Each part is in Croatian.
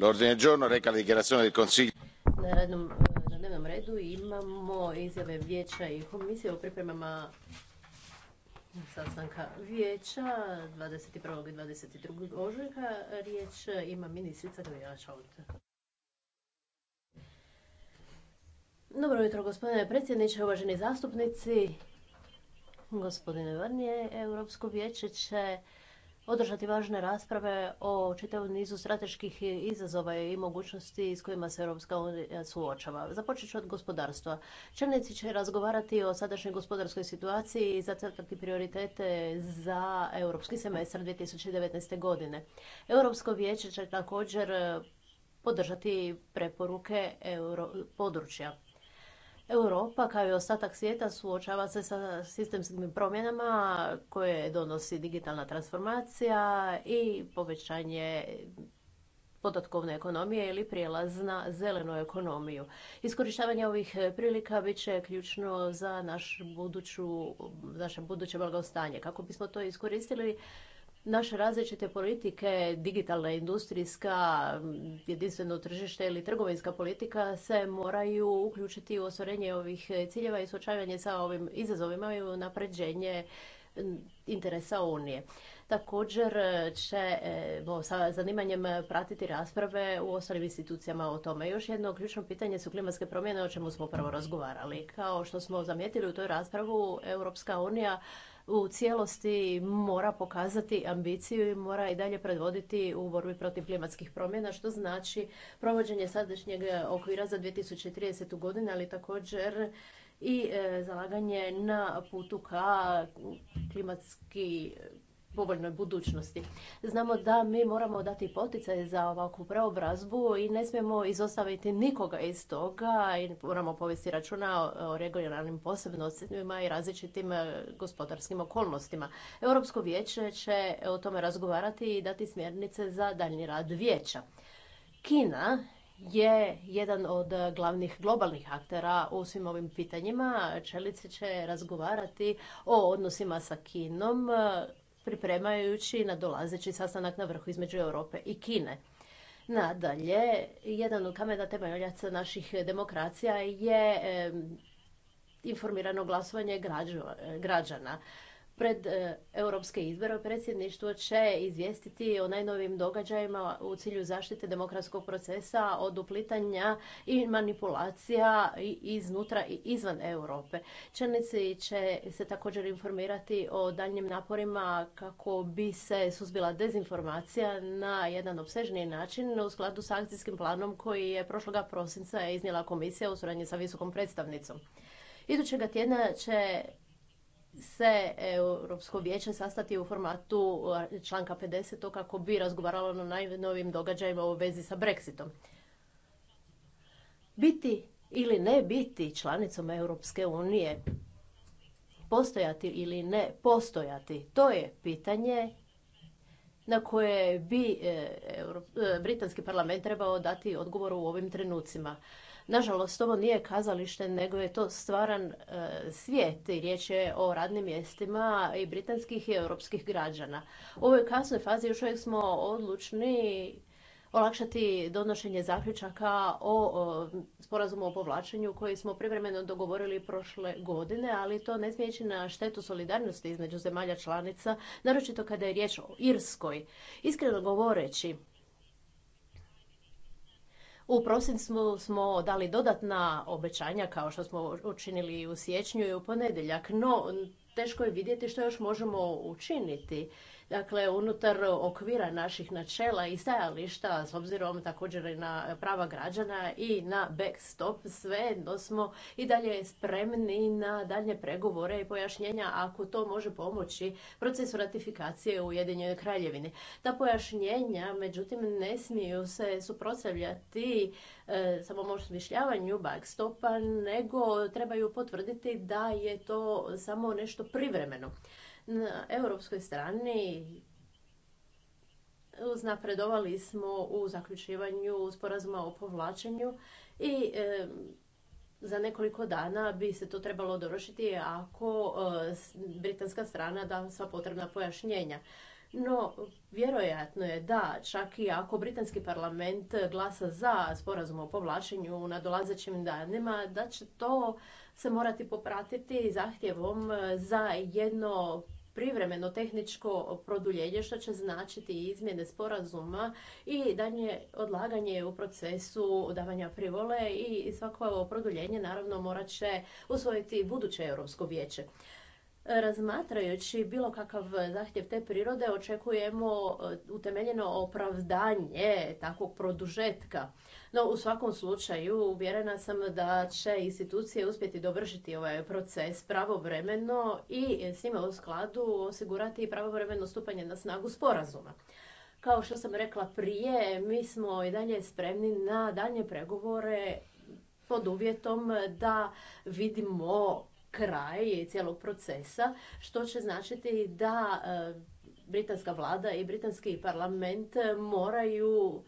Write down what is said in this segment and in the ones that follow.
Na, dnevnom redu imamo izjave vijeća i komisije o pripremama sastanka vijeća 21. i 22. ožujka. Riječ ima ministrica Dobro jutro, gospodine predsjedniče, uvaženi zastupnici. Gospodine Vrnije, Europsko vijeće će održati važne rasprave o čitavom nizu strateških izazova i mogućnosti s kojima se Europska unija suočava. Započet ću od gospodarstva. Čelnici će razgovarati o sadašnjoj gospodarskoj situaciji i zacrtati prioritete za europski semestar 2019. godine. Europsko vijeće će također podržati preporuke euro područja. Europa kao i ostatak svijeta suočava se sa sistemskim promjenama koje donosi digitalna transformacija i povećanje podatkovne ekonomije ili prijelaz na zelenu ekonomiju. Iskorištavanje ovih prilika bit će ključno za buduću, naše buduće blagostanje. Kako bismo to iskoristili, naše različite politike, digitalna, industrijska, jedinstveno tržište ili trgovinska politika se moraju uključiti u ostvarenje ovih ciljeva i suočavanje sa ovim izazovima i napređenje interesa Unije. Također e, ćemo sa zanimanjem pratiti rasprave u ostalim institucijama o tome. Još jedno ključno pitanje su klimatske promjene o čemu smo prvo razgovarali. Kao što smo zamijetili u toj raspravu, Europska unija u cijelosti mora pokazati ambiciju i mora i dalje predvoditi u borbi protiv klimatskih promjena, što znači provođenje sadašnjeg okvira za 2030. godinu, ali također i e, zalaganje na putu ka klimatski povoljnoj budućnosti. Znamo da mi moramo dati poticaj za ovakvu preobrazbu i ne smijemo izostaviti nikoga iz toga i moramo povesti računa o regionalnim posebnostima i različitim e, gospodarskim okolnostima. Europsko vijeće će o tome razgovarati i dati smjernice za daljnji rad vijeća. Kina je jedan od glavnih globalnih aktera u svim ovim pitanjima. Čelici će razgovarati o odnosima sa Kinom pripremajući na dolazeći sastanak na vrhu između Europe i Kine. Nadalje, jedan od kamena temeljaca naših demokracija je informirano glasovanje građana pred e, europske izbore predsjedništvo će izvijestiti o najnovijim događajima u cilju zaštite demokratskog procesa od uplitanja i manipulacija iznutra i izvan Europe. Čelnici će se također informirati o daljnjim naporima kako bi se suzbila dezinformacija na jedan opsežniji način u skladu s akcijskim planom koji je prošloga prosinca iznijela komisija u suradnji sa visokom predstavnicom. Idućega tjedna će se e, Europsko vijeće sastati u formatu e, članka 50. kako bi razgovaralo na najnovim događajima u vezi sa Brexitom. Biti ili ne biti članicom Europske unije, postojati ili ne postojati, to je pitanje na koje bi e, Britanski parlament trebao dati odgovor u ovim trenucima. Nažalost, ovo nije kazalište, nego je to stvaran e, svijet i riječ je o radnim mjestima i britanskih i europskih građana. U ovoj kasnoj fazi još uvijek smo odlučni olakšati donošenje zaključaka o sporazumu o povlačenju koji smo privremeno dogovorili prošle godine, ali to ne smijeći na štetu solidarnosti između zemalja članica, naročito kada je riječ o Irskoj. Iskreno govoreći, u prosincu smo dali dodatna obećanja kao što smo učinili u siječnju i u ponedjeljak, no teško je vidjeti što još možemo učiniti. Dakle, unutar okvira naših načela i stajališta, s obzirom također i na prava građana i na backstop, sve smo i dalje spremni na dalje pregovore i pojašnjenja ako to može pomoći procesu ratifikacije u Ujedinjenoj kraljevini. Ta pojašnjenja, međutim, ne smiju se suprotstavljati e, samo smišljavanju backstopa, nego trebaju potvrditi da je to samo nešto privremeno. Na europskoj strani uznapredovali smo u zaključivanju sporazuma o povlačenju i za nekoliko dana bi se to trebalo dorošiti ako eh, britanska strana da sva potrebna pojašnjenja. No, vjerojatno je da, čak i ako britanski parlament glasa za sporazum o povlačenju na dolazećim danima, da će to se morati popratiti zahtjevom eh, za jedno privremeno tehničko produljenje što će značiti izmjene sporazuma i danje odlaganje u procesu davanja privole i svako produljenje naravno morat će usvojiti buduće Europsko vijeće razmatrajući bilo kakav zahtjev te prirode očekujemo e, utemeljeno opravdanje takvog produžetka. No, u svakom slučaju uvjerena sam da će institucije uspjeti dovršiti ovaj proces pravovremeno i s njima u skladu osigurati pravovremeno stupanje na snagu sporazuma. Kao što sam rekla prije, mi smo i dalje spremni na dalje pregovore pod uvjetom da vidimo kraj cijelog procesa, što će značiti da e, britanska vlada i britanski parlament moraju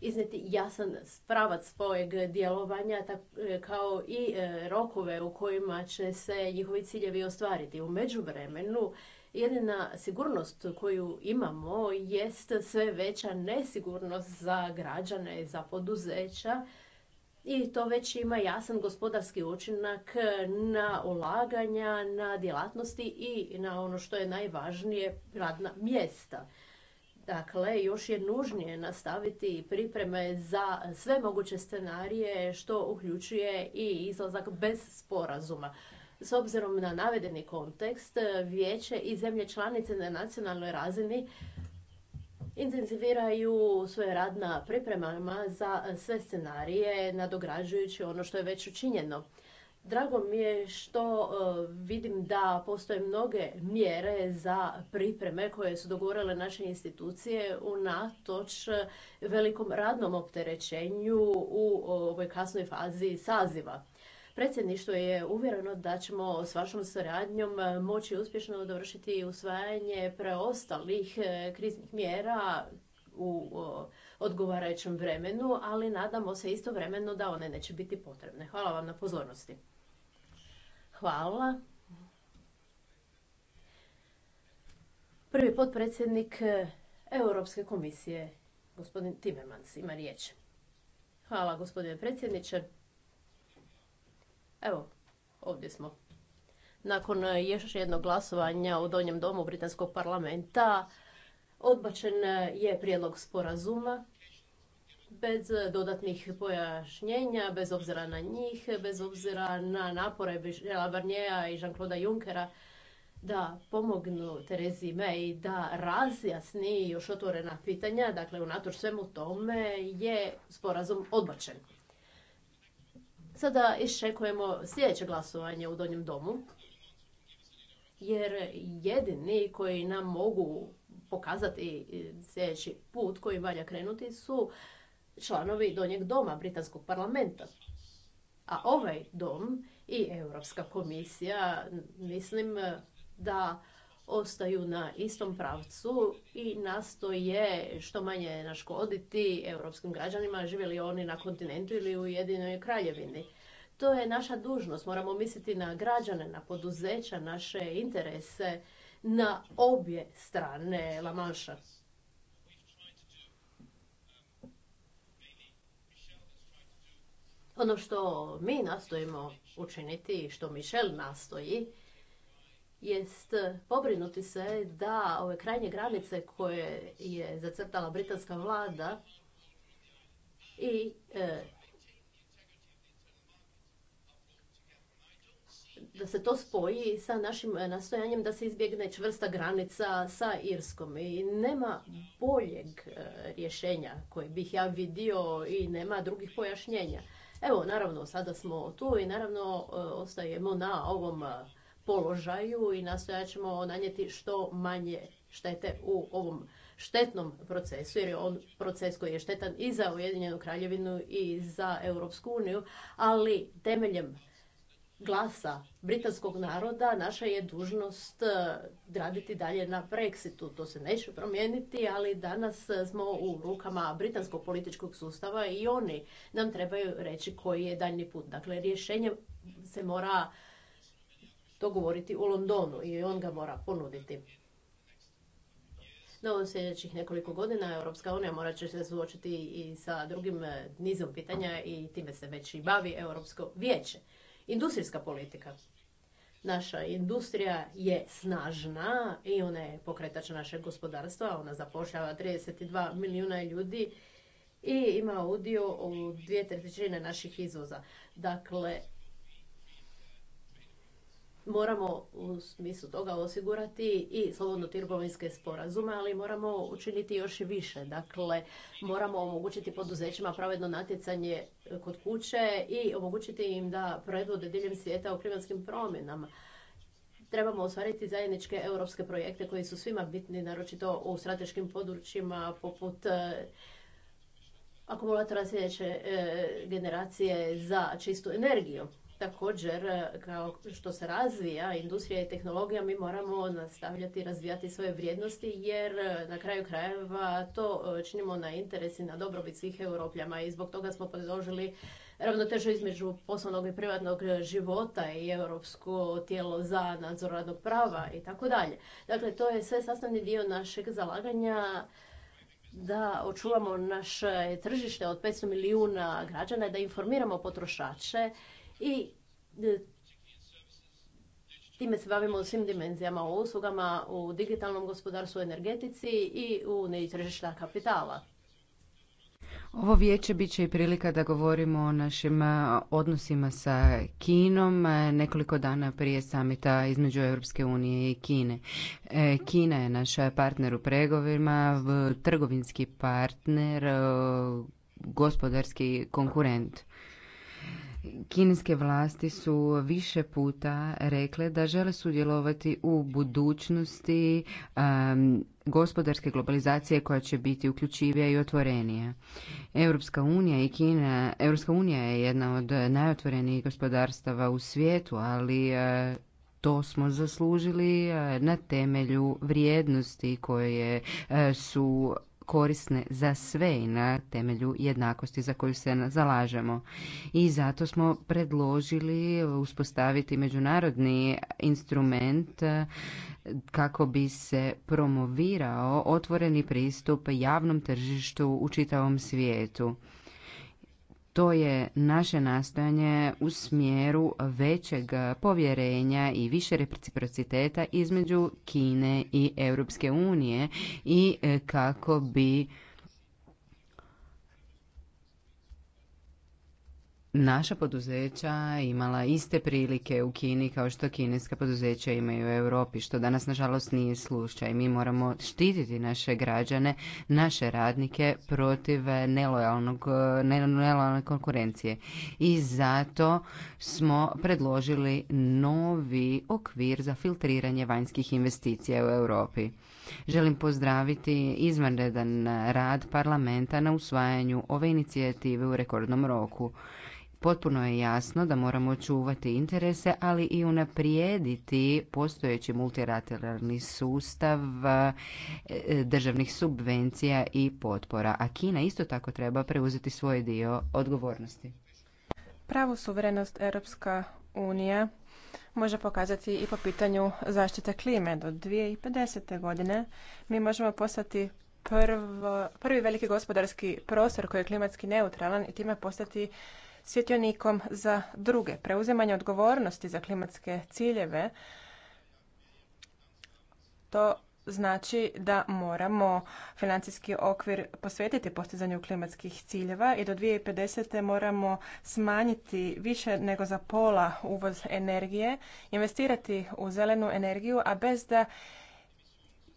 izneti jasan pravac svojeg djelovanja e, kao i e, rokove u kojima će se njihovi ciljevi ostvariti. U međuvremenu jedina sigurnost koju imamo jest sve veća nesigurnost za građane, za poduzeća i to već ima jasan gospodarski učinak na ulaganja, na djelatnosti i na ono što je najvažnije radna mjesta. Dakle, još je nužnije nastaviti pripreme za sve moguće scenarije što uključuje i izlazak bez sporazuma. S obzirom na navedeni kontekst, vijeće i zemlje članice na nacionalnoj razini intenziviraju svoje rad na pripremama za sve scenarije, nadograđujući ono što je već učinjeno. Drago mi je što e, vidim da postoje mnoge mjere za pripreme koje su dogovorile naše institucije u unatoč velikom radnom opterećenju u e, ovoj kasnoj fazi saziva. Predsjedništvo je uvjereno da ćemo s vašom suradnjom e, moći uspješno dovršiti usvajanje preostalih e, kriznih mjera u odgovarajućem vremenu, ali nadamo se istovremeno da one neće biti potrebne. Hvala vam na pozornosti. Hvala. Prvi potpredsjednik e, Europske komisije, gospodin Timmermans, ima riječ. Hvala gospodine predsjedniče. Evo, ovdje smo. Nakon e, još jednog glasovanja u Donjem domu Britanskog parlamenta odbačen e, je prijedlog sporazuma bez dodatnih pojašnjenja, bez obzira na njih, bez obzira na napore Michela i Jean-Claude Junckera da pomognu Terezi May da razjasni još otvorena pitanja. Dakle, unatoč svemu tome je sporazum odbačen. Sada iščekujemo sljedeće glasovanje u Donjem domu, jer jedini koji nam mogu pokazati sljedeći put koji valja krenuti su članovi Donjeg doma Britanskog parlamenta. A ovaj dom i Europska komisija, mislim da ostaju na istom pravcu i nastoje što manje naškoditi europskim građanima, li oni na kontinentu ili u jedinoj kraljevini. To je naša dužnost, moramo misliti na građane, na poduzeća, naše interese, na obje strane La Ono što mi nastojimo učiniti i što Michel nastoji jest e, pobrinuti se da ove krajnje granice koje je zacrtala britanska vlada i e, da se to spoji sa našim e, nastojanjem da se izbjegne čvrsta granica sa Irskom. I nema boljeg rješenja koje bih ja vidio i nema drugih pojašnjenja. Evo, naravno, sada smo tu i naravno ostajemo na ovom položaju i nastojat ćemo nanijeti što manje štete u ovom štetnom procesu, jer je on proces koji je štetan i za Ujedinjenu kraljevinu i za Europsku uniju, ali temeljem glasa britanskog naroda naša je dužnost e, graditi dalje na Brexitu. To se neće promijeniti, ali danas smo u rukama britanskog političkog sustava i oni nam trebaju reći koji je daljni put. Dakle, rješenje se mora to govoriti u Londonu i on ga mora ponuditi. No, u sljedećih nekoliko godina Europska unija morat će se suočiti i sa drugim e, nizom pitanja i time se već i bavi Europsko vijeće. Industrijska politika. Naša industrija je snažna i ona je pokretač našeg gospodarstva. Ona zapošljava 32 milijuna ljudi i ima udio u dvije trećine naših izvoza. Dakle, moramo u smislu toga osigurati i slobodno trgovinske sporazume, ali moramo učiniti još i više. Dakle, moramo omogućiti poduzećima pravedno natjecanje kod kuće i omogućiti im da predvode diljem svijeta u klimatskim promjenama. Trebamo ostvariti zajedničke europske projekte koji su svima bitni, naročito u strateškim područjima poput e, akumulatora sljedeće e, generacije za čistu energiju. Također, e, kao što se razvija industrija i tehnologija, mi moramo nastavljati razvijati svoje vrijednosti, jer e, na kraju krajeva to e, činimo na interes i na dobrobit svih europljama i zbog toga smo predložili ravnotežu između poslovnog i privatnog života i europsko tijelo za nadzor radnog prava i tako dalje. Dakle, to je sve sastavni dio našeg zalaganja da očuvamo naše tržište od 500 milijuna građana, da informiramo potrošače i time se bavimo u svim dimenzijama, u uslugama, u digitalnom gospodarstvu, energetici i u kapitala. Ovo vijeće bit će i prilika da govorimo o našim odnosima sa Kinom nekoliko dana prije samita između Europske unije i Kine. E, Kina je naš partner u pregovima, trgovinski partner, gospodarski konkurent. Kineske vlasti su više puta rekle da žele sudjelovati u budućnosti gospodarske globalizacije koja će biti uključivija i otvorenija. Europska unija i Kina, Europska unija je jedna od najotvorenijih gospodarstava u svijetu, ali e, to smo zaslužili e, na temelju vrijednosti koje e, su korisne za sve i na temelju jednakosti za koju se zalažemo. I zato smo predložili uspostaviti međunarodni instrument e, kako bi se promovirao otvoreni pristup javnom tržištu u čitavom svijetu to je naše nastojanje u smjeru većeg povjerenja i više reciprociteta između Kine i Europske unije i e, kako bi naša poduzeća imala iste prilike u Kini kao što kineska poduzeća imaju u Europi, što danas nažalost nije slučaj. Mi moramo štititi naše građane, naše radnike protiv nelojalnog, nelojalne konkurencije. I zato smo predložili novi okvir za filtriranje vanjskih investicija u Europi. Želim pozdraviti izvanredan rad parlamenta na usvajanju ove inicijative u rekordnom roku. Potpuno je jasno da moramo čuvati interese, ali i unaprijediti postojeći multilateralni sustav e, državnih subvencija i potpora. A Kina isto tako treba preuzeti svoj dio odgovornosti. Pravu suverenost Europska unija može pokazati i po pitanju zaštite klime. Do 2050. godine mi možemo postati prvi veliki gospodarski prostor koji je klimatski neutralan i time postati svjetionikom za druge. Preuzimanje odgovornosti za klimatske ciljeve to znači da moramo financijski okvir posvetiti postizanju klimatskih ciljeva i do 2050. moramo smanjiti više nego za pola uvoz energije, investirati u zelenu energiju, a bez da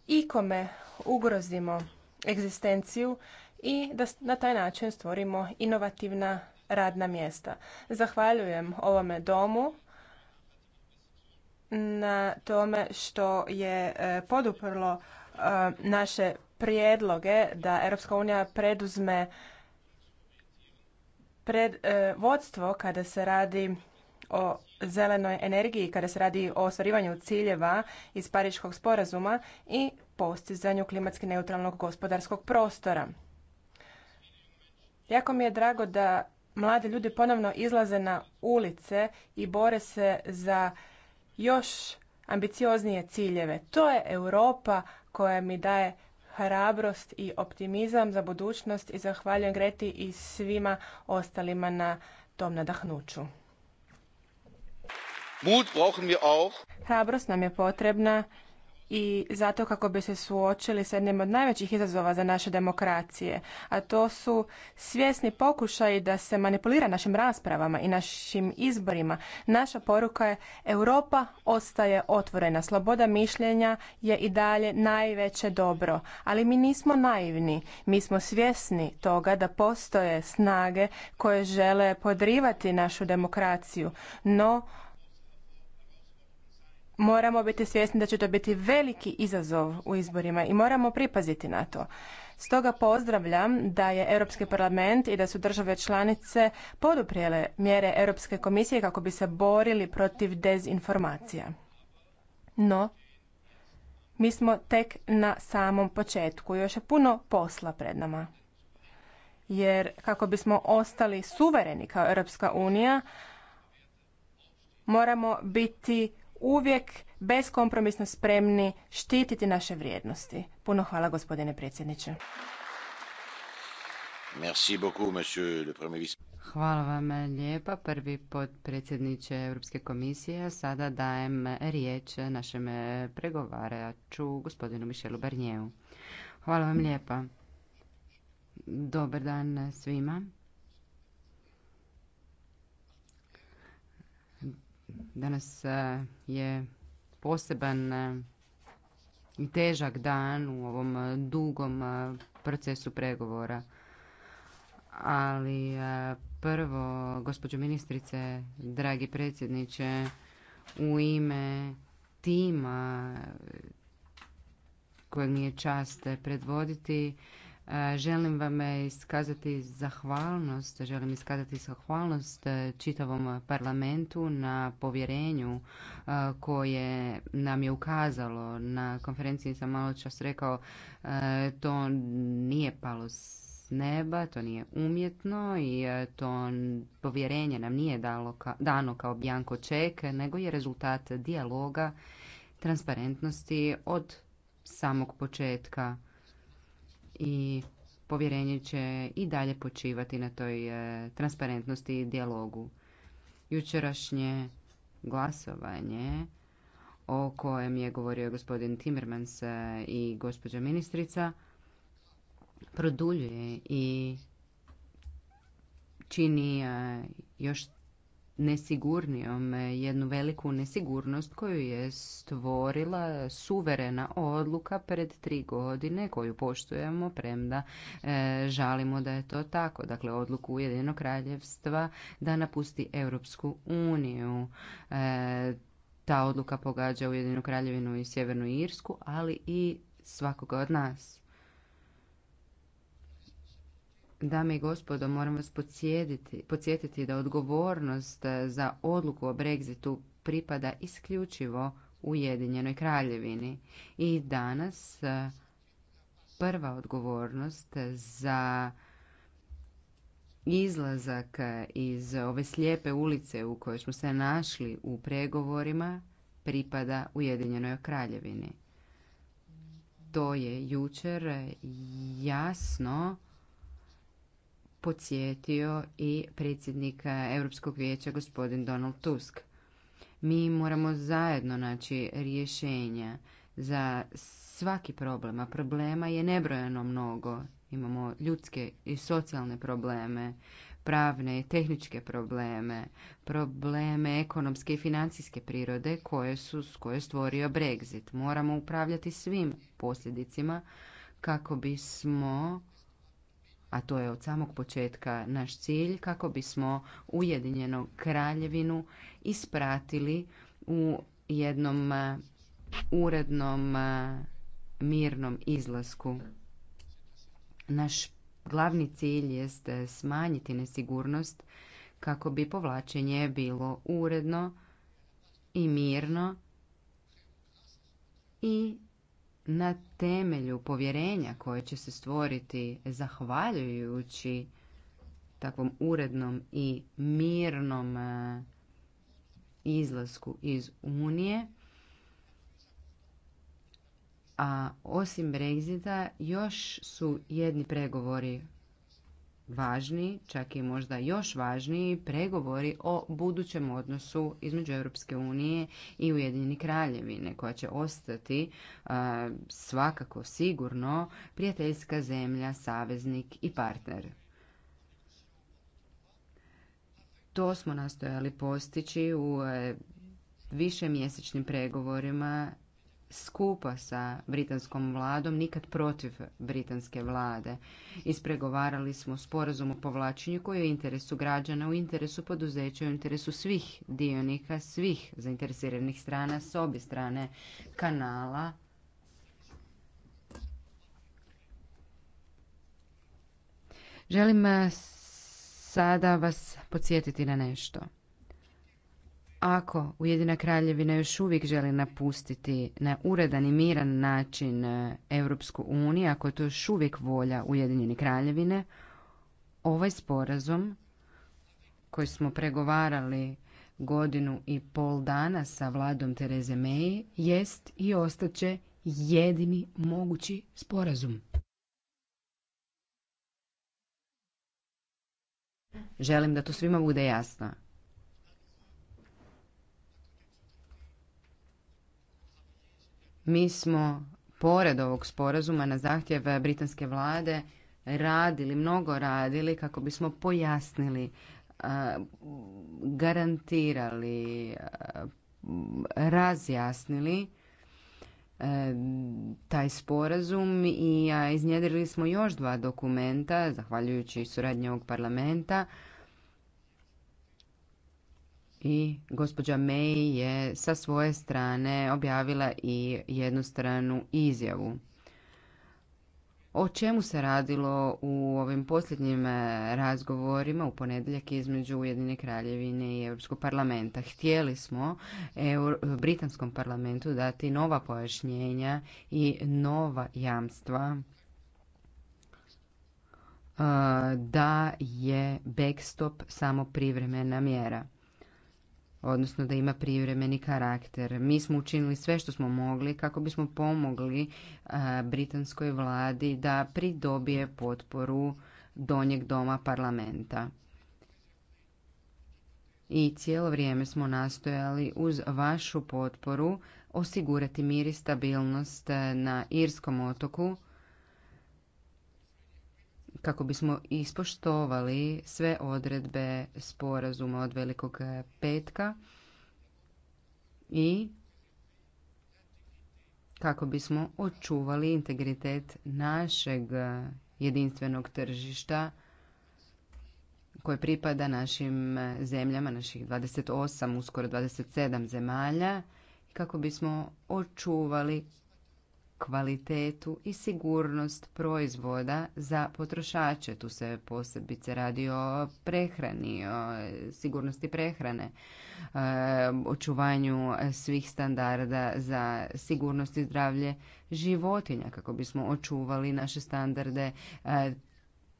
ikome ugrozimo egzistenciju i da na taj način stvorimo inovativna radna mjesta. Zahvaljujem ovome domu na tome što je e, poduprlo e, naše prijedloge da Europska unija preduzme pred, e, vodstvo kada se radi o zelenoj energiji, kada se radi o ostvarivanju ciljeva iz Pariškog sporazuma i postizanju klimatski neutralnog gospodarskog prostora. Jako mi je drago da mladi ljudi ponovno izlaze na ulice i bore se za još ambicioznije ciljeve. To je Europa koja mi daje hrabrost i optimizam za budućnost i zahvaljujem Greti i svima ostalima na tom nadahnuću. Hrabrost nam je potrebna i zato kako bi se suočili sa jednim od najvećih izazova za naše demokracije, a to su svjesni pokušaji da se manipulira našim raspravama i našim izborima. Naša poruka je Europa ostaje otvorena, sloboda mišljenja je i dalje najveće dobro, ali mi nismo naivni, mi smo svjesni toga da postoje snage koje žele podrivati našu demokraciju, no moramo biti svjesni da će to biti veliki izazov u izborima i moramo pripaziti na to. Stoga pozdravljam da je Europski parlament i da su države članice poduprijele mjere Europske komisije kako bi se borili protiv dezinformacija. No, mi smo tek na samom početku, još je puno posla pred nama. Jer kako bismo ostali suvereni kao Europska unija, moramo biti uvijek beskompromisno spremni štititi naše vrijednosti. Puno hvala gospodine predsjedniče. Merci beaucoup, monsieur le premier Hvala vam lijepa, prvi potpredsjedniče Europske komisije. Sada dajem riječ našem pregovaraču, gospodinu Mišelu Barnjevu. Hvala vam lijepa. Dobar dan svima. Danas e, je poseban e, i težak dan u ovom e, dugom procesu pregovora. Ali prvo, gospođo ministrice, dragi predsjedniče, u ime tima kojeg mi je čast predvoditi, E, želim vam iskazati zahvalnost, želim iskazati zahvalnost e, čitavom parlamentu na povjerenju e, koje nam je ukazalo na konferenciji sam malo čas rekao to nije palo s neba, to nije umjetno i to povjerenje nam nije dalo dano kao bjanko ček, nego je rezultat dijaloga, transparentnosti od samog početka i povjerenje će i dalje počivati na toj e, transparentnosti i dijalogu. Jučerašnje glasovanje o kojem je govorio gospodin Timmermans e, i gospođa ministrica produljuje i čini e, još nesigurnijom, e, jednu veliku nesigurnost koju je stvorila suverena odluka pred tri godine koju poštujemo premda e, žalimo da je to tako. Dakle, odluku Ujedinog kraljevstva da napusti Europsku uniju. E, ta odluka pogađa Ujedinu kraljevinu i Sjevernu Irsku, ali i svakoga od nas. Dame i gospodo, moram vas podsjetiti da odgovornost za odluku o Brexitu pripada isključivo Ujedinjenoj kraljevini. I danas prva odgovornost za izlazak iz ove slijepe ulice u kojoj smo se našli u pregovorima pripada Ujedinjenoj kraljevini. To je jučer jasno podsjetio i predsjednika Europskog vijeća gospodin Donald Tusk. Mi moramo zajedno naći rješenja za svaki problem, a problema je nebrojeno mnogo. Imamo ljudske i socijalne probleme, pravne i tehničke probleme, probleme ekonomske i financijske prirode koje su s koje stvorio Brexit. Moramo upravljati svim posljedicima kako bismo a to je od samog početka naš cilj kako bismo Ujedinjenu kraljevinu ispratili u jednom e, urednom e, mirnom izlasku. Naš glavni cilj jest smanjiti nesigurnost kako bi povlačenje bilo uredno i mirno i na temelju povjerenja koje će se stvoriti zahvaljujući takvom urednom i mirnom e, izlasku iz Unije, a osim Brexita još su jedni pregovori važni, čak i možda još važniji, pregovori o budućem odnosu između Europske unije i Ujedinjeni kraljevine, koja će ostati svakako sigurno prijateljska zemlja, saveznik i partner. To smo nastojali postići u e, višemjesečnim pregovorima skupa sa britanskom vladom, nikad protiv britanske vlade. Ispregovarali smo sporazum o povlačenju koji je u interesu građana, u interesu poduzeća, u interesu svih dionika, svih zainteresiranih strana s obje strane kanala. Želim eh, sada vas podsjetiti na nešto. Ako Ujedina kraljevina još uvijek želi napustiti na uredan i miran način e, Europsku uniju, ako je to još uvijek volja Ujedinjene kraljevine, ovaj sporazum koji smo pregovarali godinu i pol dana sa vladom Tereze May jest i ostaće jedini mogući sporazum. Želim da to svima bude jasno. Mi smo pored ovog sporazuma na zahtjev britanske vlade radili, mnogo radili kako bismo pojasnili, garantirali, razjasnili e, taj sporazum i iznjedrili smo još dva dokumenta, zahvaljujući suradnje ovog parlamenta, i gospođa May je sa svoje strane objavila i jednostranu izjavu. O čemu se radilo u ovim posljednjim e, razgovorima u ponedjeljak između Ujedine kraljevine i Europskog parlamenta? Htjeli smo Britanskom parlamentu dati nova pojašnjenja i nova jamstva e, da je backstop samo privremena mjera odnosno da ima privremeni karakter. Mi smo učinili sve što smo mogli kako bismo pomogli britanskoj vladi da pridobije potporu donjeg doma parlamenta. I cijelo vrijeme smo nastojali uz vašu potporu osigurati mir i stabilnost na Irskom otoku kako bismo ispoštovali sve odredbe sporazuma od velikog petka i kako bismo očuvali integritet našeg jedinstvenog tržišta koje pripada našim zemljama, naših 28, uskoro 27 zemalja, kako bismo očuvali kvalitetu i sigurnost proizvoda za potrošače. Tu se posebice radi o prehrani, o sigurnosti prehrane, eh, očuvanju svih standarda za sigurnost i zdravlje životinja kako bismo očuvali naše standarde eh,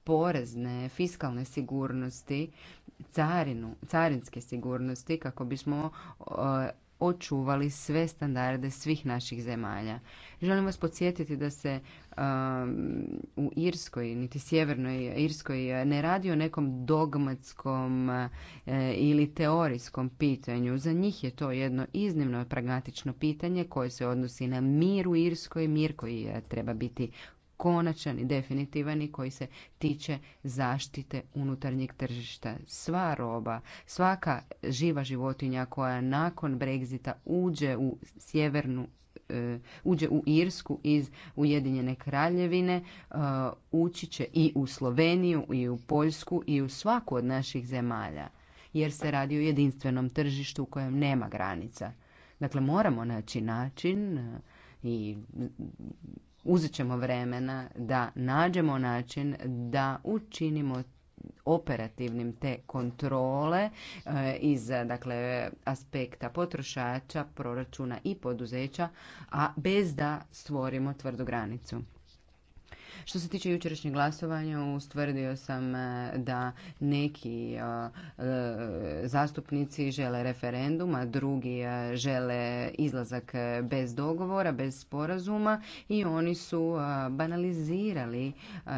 porezne, fiskalne sigurnosti, carinske sigurnosti kako bismo eh, očuvali sve standarde svih naših zemalja. Želim vas podsjetiti da se um, u Irskoj, niti sjevernoj Irskoj, ne radi o nekom dogmatskom uh, ili teorijskom pitanju. Za njih je to jedno iznimno pragmatično pitanje koje se odnosi na mir u Irskoj, mir koji uh, treba biti konačan i definitivan i koji se tiče zaštite unutarnjeg tržišta. Sva roba, svaka živa životinja koja nakon Brexita uđe u sjevernu e, uđe u Irsku iz Ujedinjene kraljevine, e, ući će i u Sloveniju, i u Poljsku, i u svaku od naših zemalja, jer se radi o jedinstvenom tržištu u kojem nema granica. Dakle, moramo naći način e, i uzet ćemo vremena da nađemo način da učinimo operativnim te kontrole e, iz dakle aspekta potrošača, proračuna i poduzeća, a bez da stvorimo tvrdu granicu. Što se tiče jučerašnjeg glasovanja, ustvrdio sam e, da neki e, e, zastupnici žele referendum, a drugi žele izlazak bez dogovora, bez sporazuma i oni su banalizirali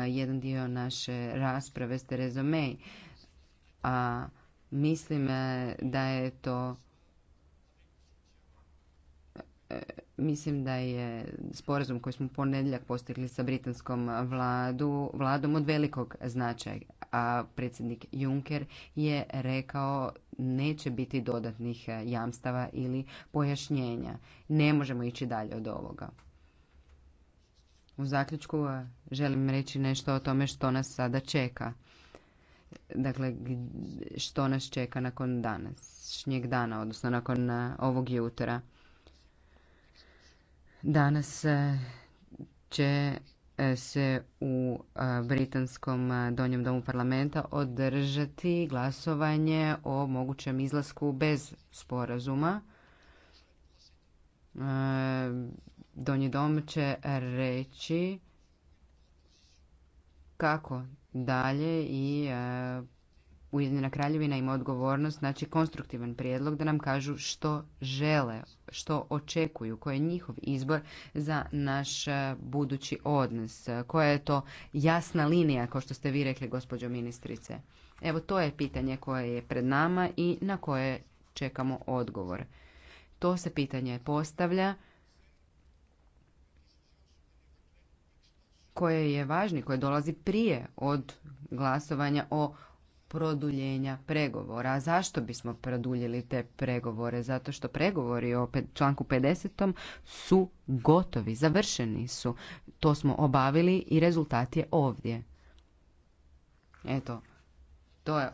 jedan dio naše rasprave s Terezom May. A mislim da je to Mislim da je sporazum koji smo ponedjeljak postigli sa britanskom vladu, vladom od velikog značaja, a predsjednik Juncker je rekao neće biti dodatnih jamstava ili pojašnjenja. Ne možemo ići dalje od ovoga. U zaključku želim reći nešto o tome što nas sada čeka. Dakle, što nas čeka nakon danas, današnjeg dana, odnosno nakon ovog jutra. Danas eh, će eh, se u eh, Britanskom donjem domu parlamenta održati glasovanje o mogućem izlasku bez sporazuma. Donji dom će reći kako dalje i Ujedinjena kraljevina ima odgovornost, znači konstruktivan prijedlog da nam kažu što žele, što očekuju, koji je njihov izbor za naš e, budući odnos, e, koja je to jasna linija, kao što ste vi rekli, gospođo ministrice. Evo, to je pitanje koje je pred nama i na koje čekamo odgovor. To se pitanje postavlja koje je važni, koje dolazi prije od glasovanja o produljenja pregovora. A zašto bismo produljili te pregovore? Zato što pregovori o članku 50. su gotovi, završeni su. To smo obavili i rezultat je ovdje. Eto, to je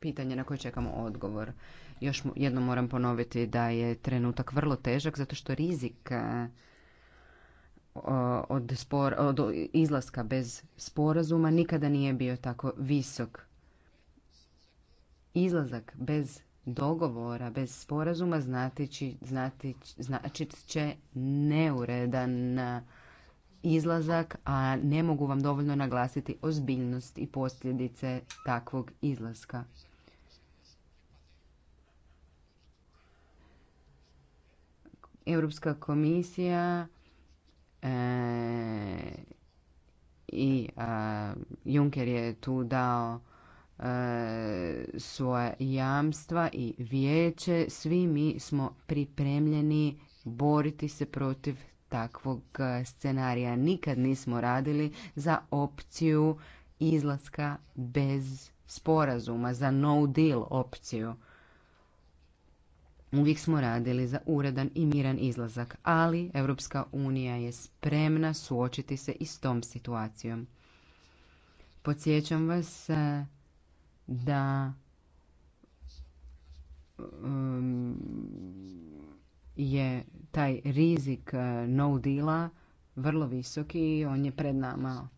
pitanje na koje čekamo odgovor. Još jedno moram ponoviti da je trenutak vrlo težak zato što rizik e, od, spor, od izlaska bez sporazuma nikada nije bio tako visok izlazak bez dogovora, bez sporazuma znatići, znači će neuredan izlazak, a ne mogu vam dovoljno naglasiti ozbiljnost i posljedice takvog izlaska. Europska komisija e, i Juncker je tu dao E, svoja jamstva i vijeće, svi mi smo pripremljeni boriti se protiv takvog e, scenarija. Nikad nismo radili za opciju izlaska bez sporazuma, za no deal opciju. Uvijek smo radili za uredan i miran izlazak, ali Europska unija je spremna suočiti se i s tom situacijom. Podsjećam vas e, da um, je taj rizik uh, no deala vrlo visok i on je pred nama.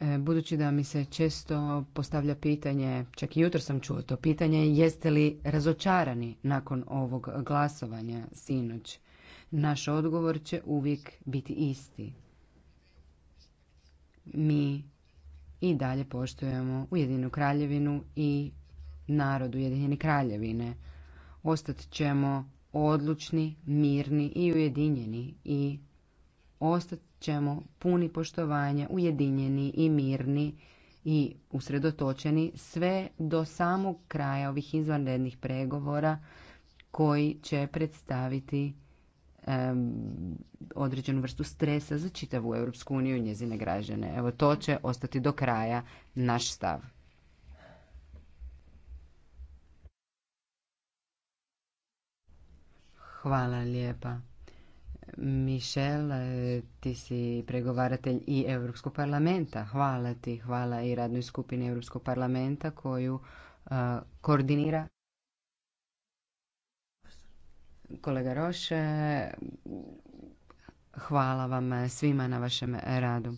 E, budući da mi se često postavlja pitanje, čak i jutro sam čuo to pitanje, jeste li razočarani nakon ovog glasovanja sinoć? Naš odgovor će uvijek biti isti. Mi i dalje poštujemo Ujedinu kraljevinu i narod Ujedinjene kraljevine. Ostat ćemo odlučni, mirni i ujedinjeni i ostat ćemo puni poštovanja, ujedinjeni i mirni i usredotočeni sve do samog kraja ovih izvanrednih pregovora koji će predstaviti određenu vrstu stresa za čitavu Europsku uniju i njezine građane. Evo to će ostati do kraja naš stav. Hvala lijepa. Mišel, ti si pregovaratelj i Europskog parlamenta. Hvala ti, hvala i radnoj skupini Europskog parlamenta koju eh, koordinira kolega Roše. Hvala vam svima na vašem radu.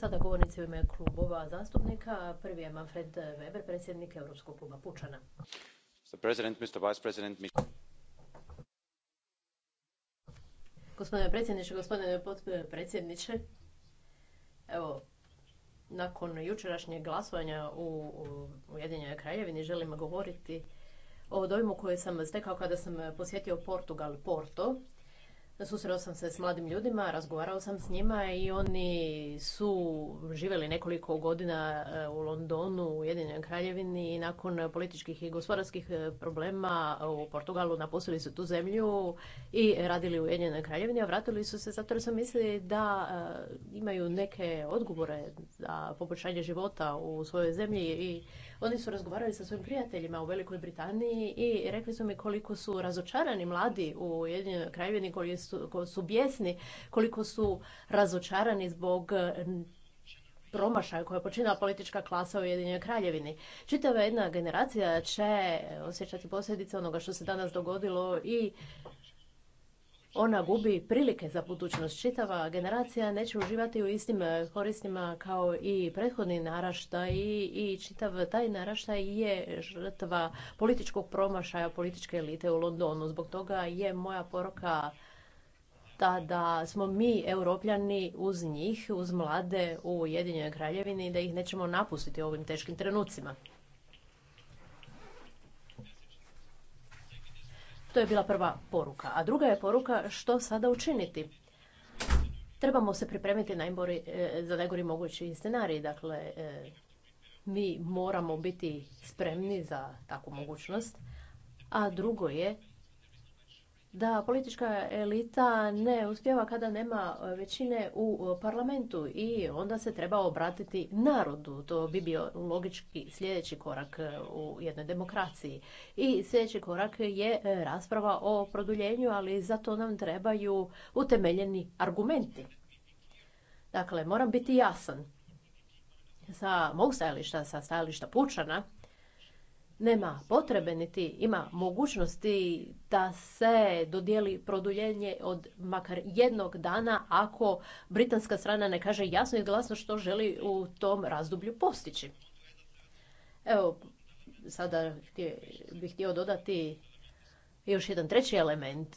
Sada govornici u ime klubova zastupnika. Prvi je Manfred Weber, predsjednik Europskog kluba Pučana. Gospodine predsjedniče, gospodine predsjedniče, evo, nakon jučerašnjeg glasovanja u Ujedinjenoj Kraljevini želim govoriti o dojmu koji sam stekao kada sam eh, posjetio Portugal Porto Susreo sam se s mladim ljudima, razgovarao sam s njima i oni su živjeli nekoliko godina e, u Londonu, u Jedinoj kraljevini i nakon političkih i gospodarskih e, problema u Portugalu napustili su tu zemlju i radili u Jedinoj kraljevini, a vratili su se zato jer su mislili da e, imaju neke odgovore za poboljšanje života u svojoj zemlji i oni su razgovarali sa svojim prijateljima u Velikoj Britaniji i rekli su mi koliko su razočarani mladi u Jedinoj kraljevini koji su, su bijesni, koliko su razočarani zbog e, promašaja koje je počinila politička klasa u Ujedinjenoj Kraljevini. Čitava jedna generacija će osjećati posljedice onoga što se danas dogodilo i ona gubi prilike za budućnost. Čitava generacija neće uživati u istim e, koristima kao i prethodni naraštaj i čitav taj naraštaj je žrtva političkog promašaja političke elite u Londonu. Zbog toga je moja poruka da smo mi europljani uz njih, uz mlade u Ujedinjenoj kraljevini da ih nećemo napustiti u ovim teškim trenucima. To je bila prva poruka. A druga je poruka što sada učiniti. Trebamo se pripremiti e, za najgori mogući scenarij. Dakle, e, mi moramo biti spremni za takvu mogućnost. A drugo je da politička elita ne uspjeva kada nema većine u parlamentu i onda se treba obratiti narodu. To bi bio logički sljedeći korak e, u jednoj demokraciji. I sljedeći korak je e, rasprava o produljenju, ali za to nam trebaju utemeljeni argumenti. Dakle, moram biti jasan. Sa mog stajališta, sa stajališta pučana, nema potrebe niti ima mogućnosti da se dodijeli produljenje od makar jednog dana ako britanska strana ne kaže jasno i glasno što želi u tom razdoblju postići. Evo, sada bih htio dodati još jedan treći element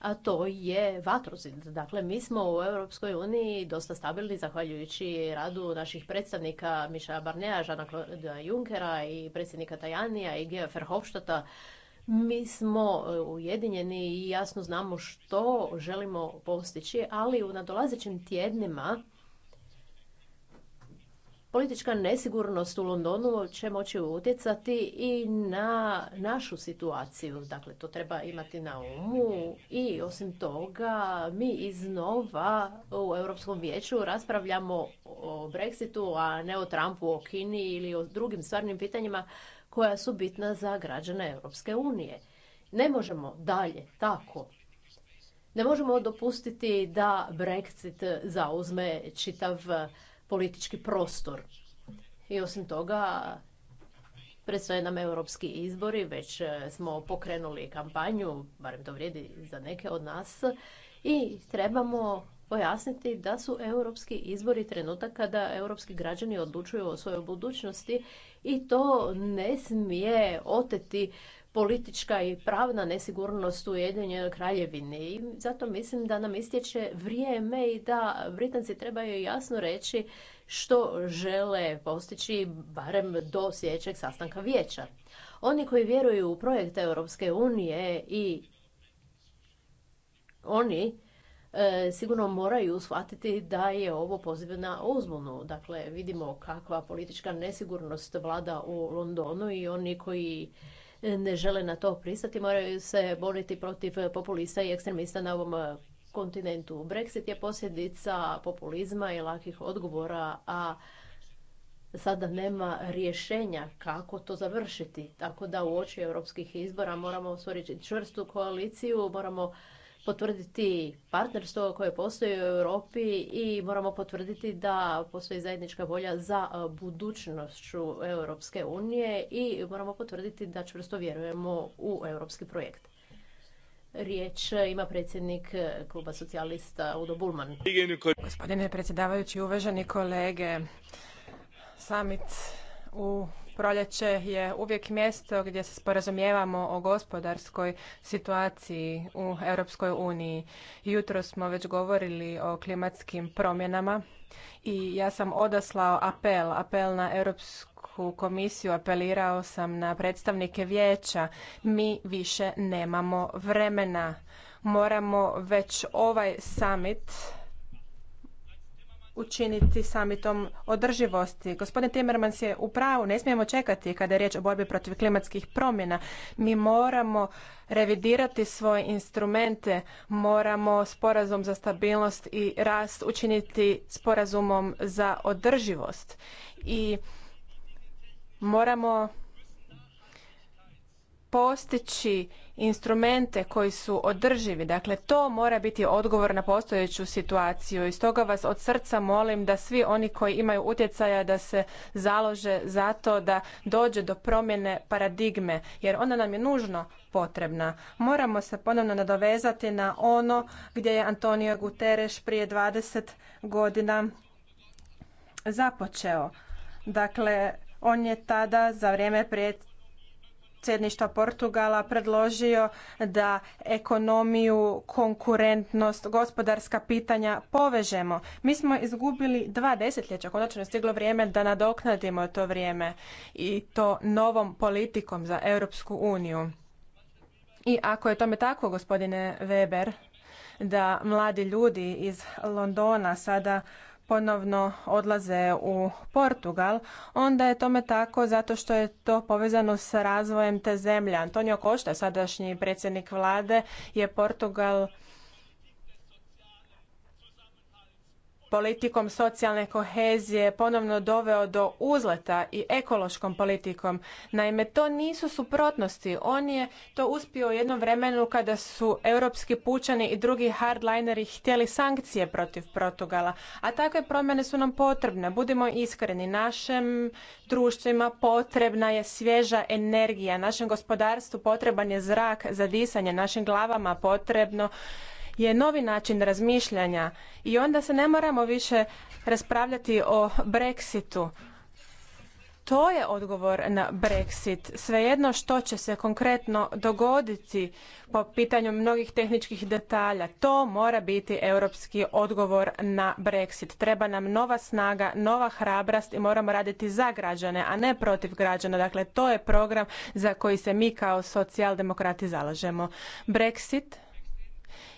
a to je vatrozid. Dakle, mi smo u Europskoj uniji dosta stabilni zahvaljujući radu naših predstavnika Miša Barnea, Žana Kloda Junkera i predsjednika Tajanija i Gea Verhofstadta. Mi smo e, ujedinjeni i jasno znamo što želimo postići, ali u nadolazećim tjednima Politička nesigurnost u Londonu će moći utjecati i na našu situaciju, dakle to treba imati na umu i osim toga mi iznova u Europskom vijeću raspravljamo o Brexitu, a ne o Trumpu, o Kini ili o drugim stvarnim pitanjima koja su bitna za građane Europske unije. Ne možemo dalje tako. Ne možemo dopustiti da Brexit zauzme čitav politički prostor. I osim toga, predstoje nam europski izbori, već e, smo pokrenuli kampanju, barem to vrijedi za neke od nas, i trebamo pojasniti da su europski izbori trenutak kada europski građani odlučuju o svojoj budućnosti i to ne smije oteti politička i pravna nesigurnost u Ujedinjenoj kraljevini. I zato mislim da nam istječe vrijeme i da Britanci trebaju jasno reći što žele postići barem do sljedećeg sastanka vijeća. Oni koji vjeruju u projekt Europske unije i oni e, sigurno moraju shvatiti da je ovo poziv na uzbunu. Dakle, vidimo kakva politička nesigurnost vlada u Londonu i oni koji ne žele na to pristati, moraju se boriti protiv populista i ekstremista na ovom eh, kontinentu. Brexit je posljedica populizma i lakih odgovora, a sada nema rješenja kako to završiti. Tako da u oči europskih izbora moramo stvoriti čvrstu koaliciju, moramo potvrditi partnerstvo koje postoji u Europi i moramo potvrditi da postoji zajednička volja za e, budućnošću Europske unije i moramo potvrditi da čvrsto vjerujemo u europski projekt. Riječ ima predsjednik e, kluba socijalista Udo Bulman. Gospodine predsjedavajući, uvaženi kolege, samit u Proljeće je uvijek mjesto gdje se sporazumijevamo o gospodarskoj situaciji u Europskoj uniji. Jutro smo već govorili o klimatskim promjenama i ja sam odaslao apel, apel na Europsku komisiju, apelirao sam na predstavnike vijeća. Mi više nemamo vremena. Moramo već ovaj summit učiniti samitom održivosti. Gospodin Timmermans je u pravu, ne smijemo čekati kada je riječ o borbi protiv klimatskih promjena. Mi moramo revidirati svoje instrumente, moramo sporazum za stabilnost i rast učiniti sporazumom za održivost i moramo postići instrumente koji su održivi. Dakle, to mora biti odgovor na postojeću situaciju i stoga vas od srca molim da svi oni koji imaju utjecaja da se založe za to da dođe do promjene paradigme, jer ona nam je nužno potrebna. Moramo se ponovno nadovezati na ono gdje je Antonio Guterres prije 20 godina započeo. Dakle, on je tada za vrijeme pred predsjedništva Portugala predložio da ekonomiju, konkurentnost, gospodarska pitanja povežemo. Mi smo izgubili dva desetljeća, konačno je stiglo vrijeme da nadoknadimo to vrijeme i to novom politikom za Europsku uniju. I ako je tome tako, gospodine Weber, da mladi ljudi iz Londona sada ponovno odlaze u Portugal, onda je tome tako zato što je to povezano s razvojem te zemlje. Antonio Costa, sadašnji predsjednik vlade, je Portugal politikom socijalne kohezije ponovno doveo do uzleta i ekološkom politikom. Naime, to nisu suprotnosti. On je to uspio u jednom vremenu kada su europski pučani i drugi hardlineri htjeli sankcije protiv Portugala. A takve promjene su nam potrebne. Budimo iskreni. Našim društvima potrebna je svježa energija. Našem gospodarstvu potreban je zrak za disanje. Našim glavama potrebno je novi način razmišljanja i onda se ne moramo više raspravljati o Brexitu. To je odgovor na Brexit. Svejedno što će se konkretno dogoditi po pitanju mnogih tehničkih detalja, to mora biti europski odgovor na Brexit. Treba nam nova snaga, nova hrabrast i moramo raditi za građane, a ne protiv građana. Dakle, to je program za koji se mi kao socijaldemokrati zalažemo. Brexit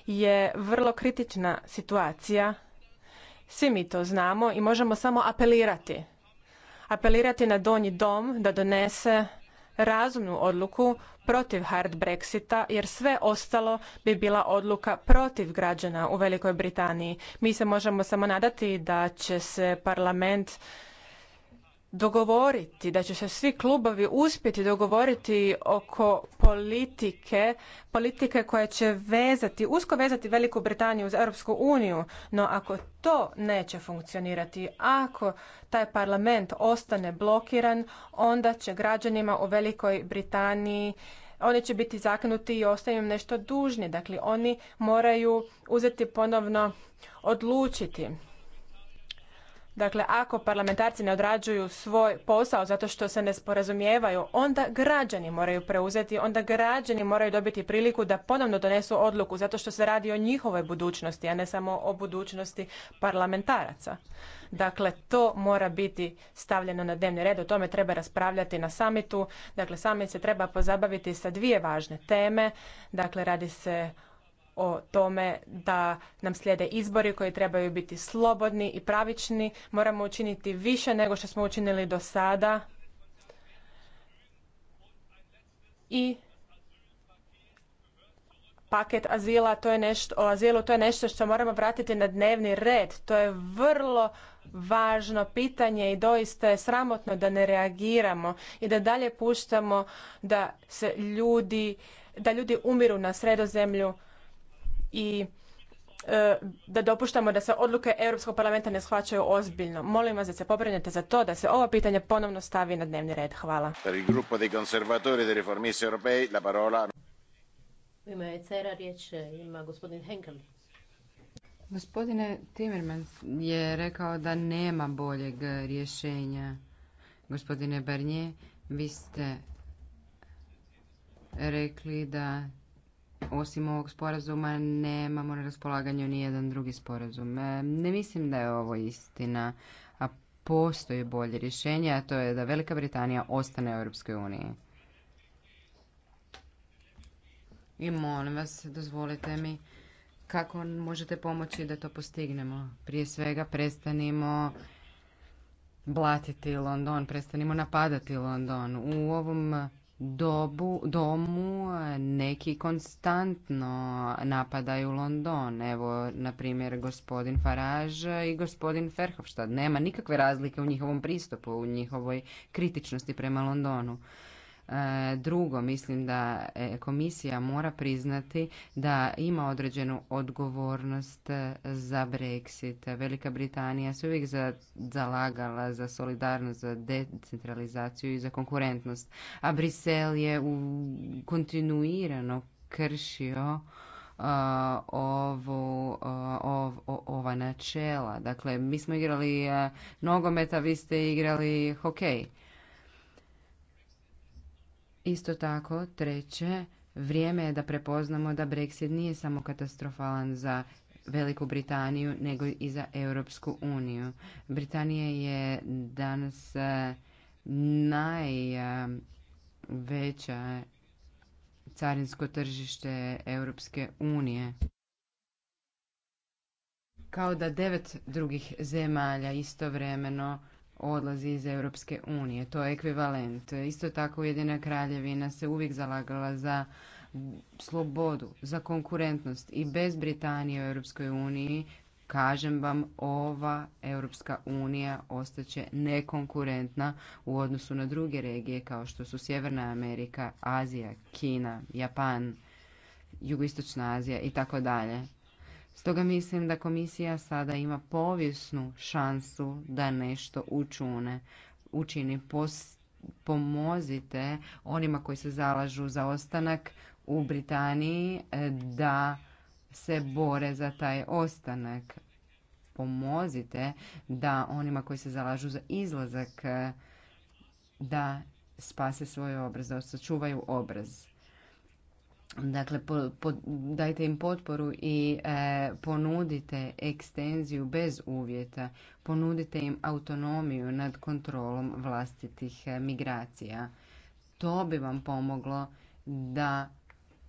je vrlo kritična situacija. Svi mi to znamo i možemo samo apelirati. Apelirati na donji dom da donese razumnu odluku protiv hard Brexita jer sve ostalo bi bila odluka protiv građana u Velikoj Britaniji. Mi se možemo samo nadati da će se parlament dogovoriti, da će se svi klubovi uspjeti dogovoriti oko politike, politike koja će vezati, usko vezati Veliku Britaniju uz Europsku uniju, no ako to neće funkcionirati, ako taj parlament ostane blokiran, onda će građanima u Velikoj Britaniji oni će biti zaknuti i ostaju im nešto dužni. Dakle, oni moraju uzeti ponovno odlučiti. Dakle, ako parlamentarci ne odrađuju svoj posao zato što se ne sporazumijevaju, onda građani moraju preuzeti, onda građani moraju dobiti priliku da ponovno donesu odluku zato što se radi o njihovoj budućnosti, a ne samo o budućnosti parlamentaraca. Dakle, to mora biti stavljeno na dnevni red, o tome treba raspravljati na samitu. Dakle, samit se treba pozabaviti sa dvije važne teme. Dakle, radi se o tome da nam slijede izbori koji trebaju biti slobodni i pravični. Moramo učiniti više nego što smo učinili do sada. I paket azila, to je nešto, o azilu, to je nešto što moramo vratiti na dnevni red. To je vrlo važno pitanje i doista je sramotno da ne reagiramo i da dalje puštamo da se ljudi, da ljudi umiru na sredozemlju i e, da dopuštamo da se odluke Europskog parlamenta ne shvaćaju ozbiljno. Molim vas da se pobrinete za to da se ovo pitanje ponovno stavi na dnevni red. Hvala. E U ime ECR-a e, ima gospodin Henkel. Gospodine Timmermans je rekao da nema boljeg rješenja. Gospodine Barnje, vi ste rekli da osim ovog sporazuma nemamo na raspolaganju ni jedan drugi sporazum. E, ne mislim da je ovo istina, a postoji bolje rješenje, a to je da Velika Britanija ostane u Europskoj uniji. I molim vas, dozvolite mi kako možete pomoći da to postignemo. Prije svega prestanimo blatiti London, prestanimo napadati London. U ovom dobu, domu neki konstantno napadaju London. Evo, na primjer, gospodin Farage i gospodin Ferhofstad. Nema nikakve razlike u njihovom pristupu, u njihovoj kritičnosti prema Londonu. E, drugo, mislim da e, komisija mora priznati da ima određenu odgovornost e, za Brexit. Velika Britanija se uvijek zalagala za solidarnost, za decentralizaciju i za konkurentnost. A Brisel je kontinuirano kršio ovo, ova načela. Dakle, mi smo igrali nogometa, vi ste igrali hokej. Isto tako, treće, vrijeme je da prepoznamo da Brexit nije samo katastrofalan za Veliku Britaniju, nego i za Europsku uniju. Britanija je danas e, najveća e, carinsko tržište Europske unije. Kao da devet drugih zemalja istovremeno odlazi iz Europske unije. To je ekvivalent. Isto tako Ujedina kraljevina se uvijek zalagala za slobodu, za konkurentnost i bez Britanije u Europskoj uniji kažem vam ova Europska unija ostaće nekonkurentna u odnosu na druge regije kao što su Sjeverna Amerika, Azija, Kina, Japan, Jugoistočna Azija i tako dalje. Stoga mislim da komisija sada ima povijesnu šansu da nešto učune, učini. pomozite onima koji se zalažu za ostanak u Britaniji e, da se bore za taj ostanak. Pomozite da onima koji se zalažu za izlazak e, da spase svoj obraz, da sačuvaju obraz. Dakle, po, dajte im potporu i e, ponudite ekstenziju bez uvjeta, ponudite im autonomiju nad kontrolom vlastitih e, migracija. To bi vam pomoglo da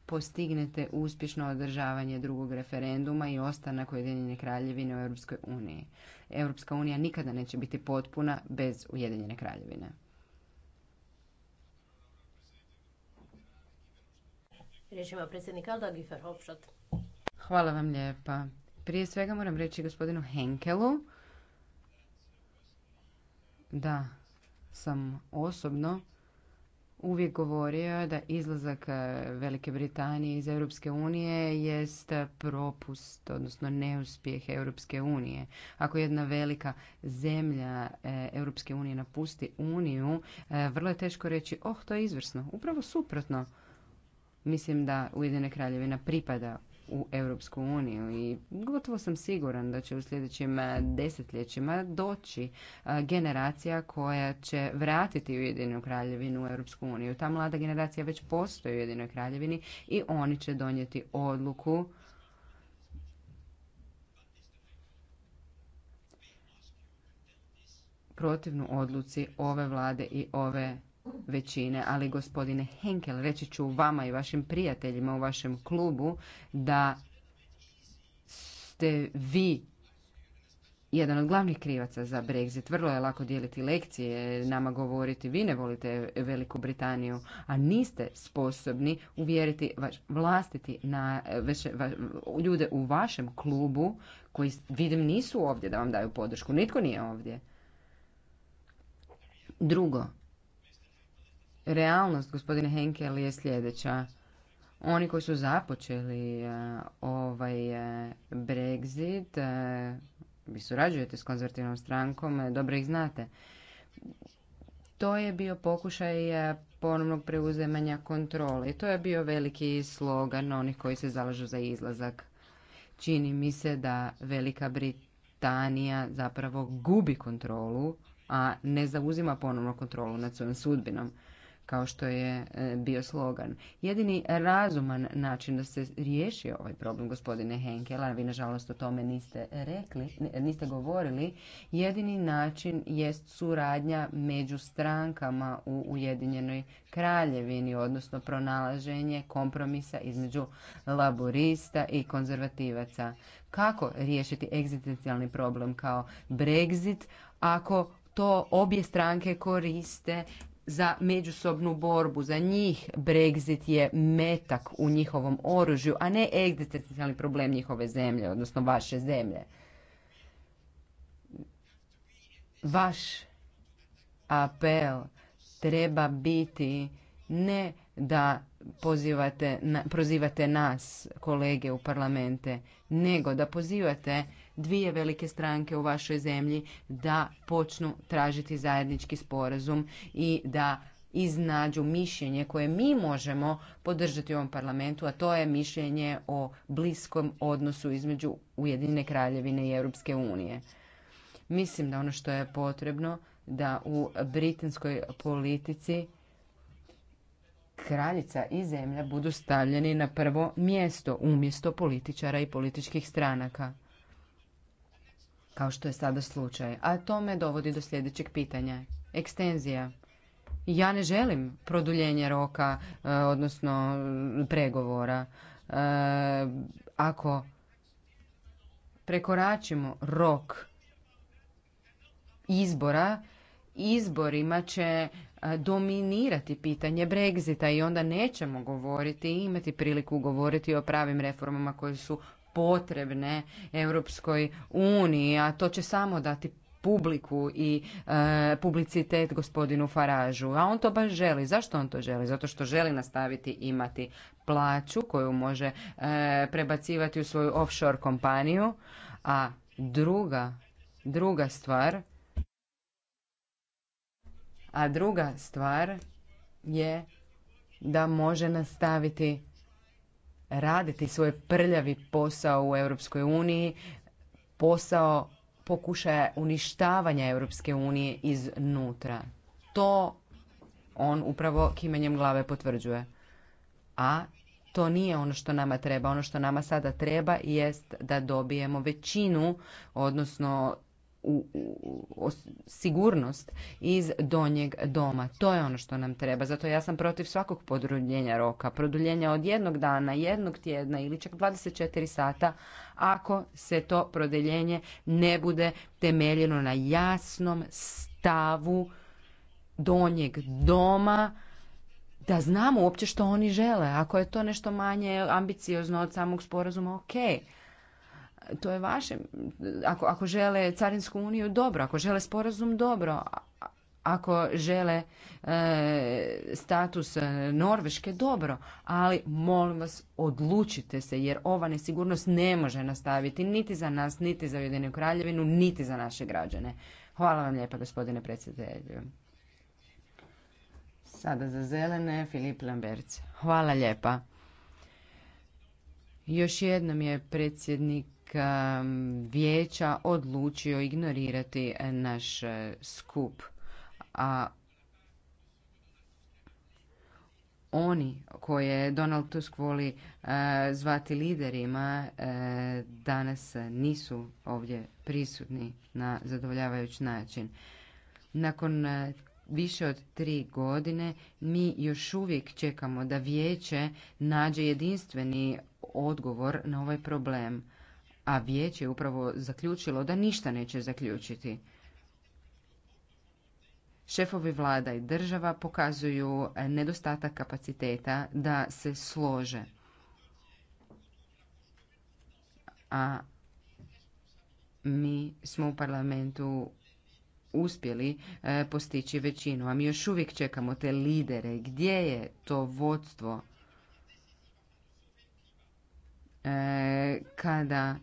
postignete uspješno održavanje drugog referenduma i ostanak Ujedinjene kraljevine u Europskoj uniji. Europska unija nikada neće biti potpuna bez Ujedinjene kraljevine. Hvala vam lijepa. Prije svega moram reći gospodinu Henkelu da sam osobno uvijek govorio da izlazak e, Velike Britanije iz Europske unije jest propust, odnosno neuspjeh Europske unije. Ako jedna velika zemlja e, Europske unije napusti uniju, e, vrlo je teško reći, oh, to je izvrsno. Upravo suprotno. Mislim da Ujedine kraljevina pripada u Europsku uniju i gotovo sam siguran da će u sljedećim eh, desetljećima doći eh, generacija koja će vratiti Ujedinu kraljevinu u Europsku uniju. Ta mlada generacija već postoji u Ujedinoj kraljevini i oni će donijeti odluku protivnu odluci ove vlade i ove većine, ali gospodine Henkel, reći ću vama i vašim prijateljima u vašem klubu da ste vi jedan od glavnih krivaca za Brexit. Vrlo je lako dijeliti lekcije, nama govoriti vi ne volite Veliku Britaniju, a niste sposobni uvjeriti vlastiti na, ljude u vašem klubu koji vidim nisu ovdje da vam daju podršku. Nitko nije ovdje. Drugo, Realnost, gospodine Henkel, je sljedeća. Oni koji su započeli eh, ovaj eh, Brexit, eh, vi surađujete s konzervativnom strankom, dobro ih znate. To je bio pokušaj ponovnog preuzemanja kontrole to je bio veliki slogan onih koji se zalažu za izlazak. Čini mi se da Velika Britanija zapravo gubi kontrolu, a ne zauzima ponovno kontrolu nad svojom sudbinom kao što je e, bio slogan. Jedini razuman način da se riješi ovaj problem, gospodine Henkela, vi nažalost o tome niste rekli, niste govorili, jedini način jest suradnja među strankama u Ujedinjenoj kraljevini, odnosno pronalaženje kompromisa između laborista i konzervativaca. Kako riješiti egzistencijalni problem kao Brexit ako to obje stranke koriste za međusobnu borbu. Za njih Brexit je metak u njihovom oružju, a ne egzistencijalni problem njihove zemlje, odnosno vaše zemlje. Vaš apel treba biti ne da pozivate, prozivate nas, kolege u parlamente, nego da pozivate dvije velike stranke u vašoj zemlji da počnu tražiti zajednički sporazum i da iznađu mišljenje koje mi možemo podržati u ovom parlamentu, a to je mišljenje o bliskom odnosu između Ujedine kraljevine i Europske unije. Mislim da ono što je potrebno da u britanskoj politici kraljica i zemlja budu stavljeni na prvo mjesto umjesto političara i političkih stranaka kao što je sada slučaj. A to me dovodi do sljedećeg pitanja. Ekstenzija. Ja ne želim produljenje roka, e, odnosno pregovora. E, ako prekoračimo rok izbora, izborima će e, dominirati pitanje Brexita i onda nećemo govoriti i imati priliku govoriti o pravim reformama koje su potrebne Europskoj uniji, a to će samo dati publiku i e, publicitet gospodinu Faražu. A on to baš želi. Zašto on to želi? Zato što želi nastaviti imati plaću koju može e, prebacivati u svoju offshore kompaniju. A druga, druga stvar, a druga stvar je da može nastaviti raditi svoj prljavi posao u Europskoj uniji, posao pokušaja uništavanja Europske unije iznutra. To on upravo kimenjem glave potvrđuje. A to nije ono što nama treba. Ono što nama sada treba jest da dobijemo većinu, odnosno u, sigurnost iz donjeg doma. To je ono što nam treba. Zato ja sam protiv svakog produljenja roka. Produljenja od jednog dana, jednog tjedna ili čak 24 sata ako se to prodeljenje ne bude temeljeno na jasnom stavu donjeg doma da znamo uopće što oni žele. Ako je to nešto manje ambiciozno od samog sporazuma, ok to je vaše. Ako, ako žele Carinsku uniju, dobro. Ako žele sporazum, dobro. Ako žele e, status e, Norveške, dobro. Ali molim vas, odlučite se jer ova nesigurnost ne može nastaviti niti za nas, niti za Ujedinu kraljevinu, niti za naše građane. Hvala vam lijepa gospodine predsjedatelju. Sada za zelene, Filip Lamberc. Hvala lijepa. Još jednom je predsjednik Um, vijeća odlučio ignorirati naš e, skup. A oni koje Donald Tusk voli e, zvati liderima e, danas nisu ovdje prisutni na zadovoljavajući način. Nakon više od tri godine mi još uvijek čekamo da vijeće nađe jedinstveni odgovor na ovaj problem a vijeće je upravo zaključilo da ništa neće zaključiti. Šefovi vlada i država pokazuju nedostatak kapaciteta da se slože. A mi smo u parlamentu uspjeli e, postići većinu, a mi još uvijek čekamo te lidere. Gdje je to vodstvo e, kada